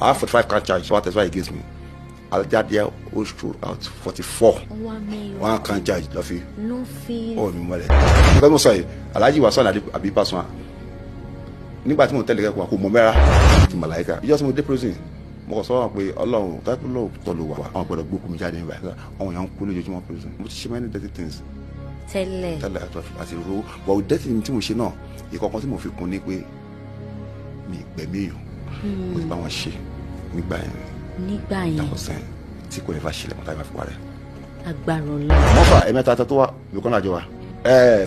I have 45 can charge, what is why he gives me. I'll there. We'll stroll out 44. One can charge, Lofi. Lofi. Oh, mi mọ̀lẹ̀. Because mo sọ yìí, Alhaji wa sọ̀rọ̀ àbí Pasuma. Nígbà tí mo tẹ̀lé kẹ́kọ̀ọ́, kò mọ̀ mẹ́ra. Ti Màláíkà. Ìjọ́ tí mo to prison, mo kàn sọ wọn pé Ọlọ́run kápẹ́ lọ́wọ́ tọ́lù wà. Àwọn gbọ́dọ̀ gbókùn mi jáde nígbà. Àwọn èèyàn ń kú lójoojúmọ́ prison. Mo ti ṣe many dirty things. Tẹ́lẹ̀. Tẹ́lẹ̀ àti ro. But dirty thing tí mo ṣe náà, ìkọ̀kan tí mo fi kún ni pé mi ì gbẹ̀mí èèyàn. Hmm. mo ti bá wọn ṣe nígbà yẹn. nígbà yẹn yàtọ̀ sẹ́yìn tí kò ní fa ṣẹlẹ̀ mọ́tà ìmáfi parẹ́. agbára ọlọ́run. mọ́fà ẹ̀mẹ́ta tó wà lókàn náà jọ wa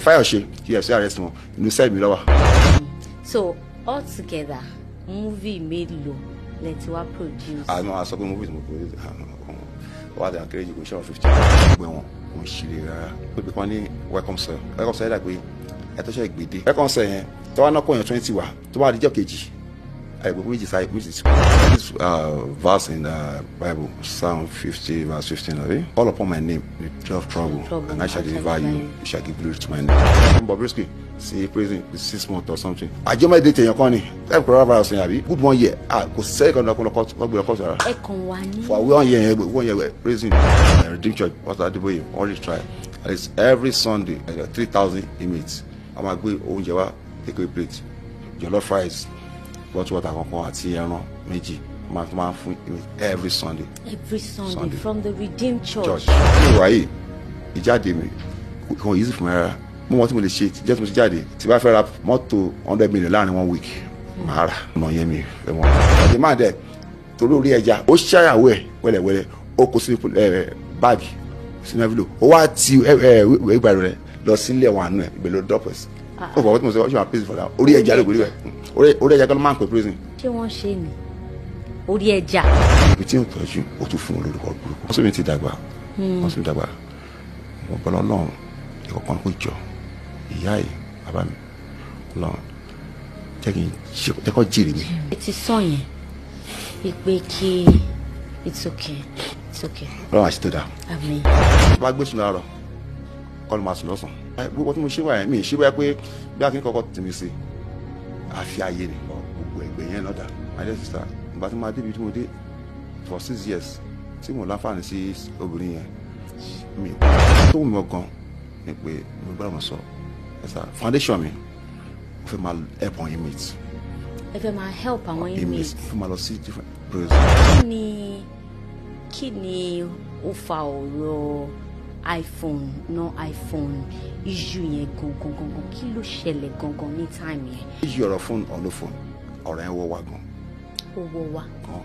fayose efcc arrest wọn inú sẹ́ẹ̀ mi lọ́wọ́. so all together movie mélòó lẹ ti wá produce. àmọ́ a sọ pé movie mo produce wà á dà kéré jù kò ṣe àwọn fifty. gbẹ wọn kò ń ṣílẹ̀ rárá pé bí wọ́n ní welcome sir welcome sir yẹ́dà pé ẹ tó ṣe gbèdé welcome sir yẹn tọ́wọ́ náà kọ̀ yẹn twenty wa tó bá di jọ́ kejì which is which is this uh, verse in the Bible, Psalm 50, verse 15. Okay? All upon my name, the twelve trouble, trouble, and I shall deliver you. You shall give glory to my name. Bobrisky, see prison six months or something. I Àjọ máa dètè èèyàn kan ni. Ẹ kò rárá sí àbí. Good one year. Ah, go second. kan lọ́kọ́ lọ́kọ́ tó gbé ọkọ̀ sára. Ẹ For one year, one year prison. Redeem Church, Pastor Adeboye, only try. At least every Sunday, three thousand inmates. A máa go. oúnjẹ Jehovah, take away plate, jollof fries hot water kankan àti ẹran méjì máa tún máa fún every sunday. every sunday, sunday. from the redeemed church. ṣé wàá yìí ìjáde mi kò easy fún mi rárá mo mọ tí mo lè ṣe jẹ́ tí mo ti jáde tí bá fẹ́ ra mọ́tò hundred million láàrin one week màá rà ọ̀nà yẹn mi ẹ̀ wọ́n. ọ̀dẹ̀ máa dẹ̀ torí orí ẹja ó ṣàyàwó ẹ̀ wẹ́lẹ̀wẹ́lẹ̀ ó kó sínú báàgì sínú ẹ̀fílò ó wá ti ẹ̀ẹ́dẹ̀gbàdo rẹ̀ lọ sílé wọn àánú ẹ̀ ìgbèlódọ́pẹ̀sì ó bọ̀ wọ́n tí mo sọ wọ́n ṣe wà prison for that orí ẹja ló gbé orí ẹja kan máa ń pè prison. ṣé wọ́n ṣe ni orí ẹja. ibi tí ń tọ́jú ó tún fún olórúkọ burúkú. wọ́n sọmi ti dàgbà hmm. wọ́n sọmi dàgbà wọ́n bọ́ lọ́lọ́run ìkọ̀kan kò jọ ìyá yìí bàbá mi lọ́run jẹ́ kí n ṣe jẹ́ kó jèrè mi. ẹ ti sọ yẹn ìpè kí it's okay it's okay. ọlọ́run àti tó dáa. àmín. bá gbé sùn láàárọ̀ kọ́ ló máa sùn lọ́sàn. gbogbo tí mo ṣe wáyé mi ì ṣe wáyé pé bí a kì í kọ́kọ́ tì mí sí àfi ayé ni gbogbo ẹgbẹ́ yẹn lọ́dà my dear sister ìgbà tí mo máa débi tí mo dé for six years tí mo láǹfààní sí obìnrin yẹn mi tó wù mí gan ni pé mo gbọ́dọ̀ mọ̀ sọ ẹ̀sà foundation mi mo fẹ́ máa help on inmates. ẹ fẹ́ máa help àwọn inmates. mo fẹ́ máa lọ sí different prisons. kí ni kí ni ó fa ọ̀rọ̀ iphone ná iphone issue yẹn gangan gangan kí ló ṣẹlẹ̀ gangan ní time yẹn. issue ọ̀rọ̀ fóònù ọ̀lọ́fóònù ọ̀rọ̀ yẹn wọ́ wa gan. ó wọ́ wa. gan.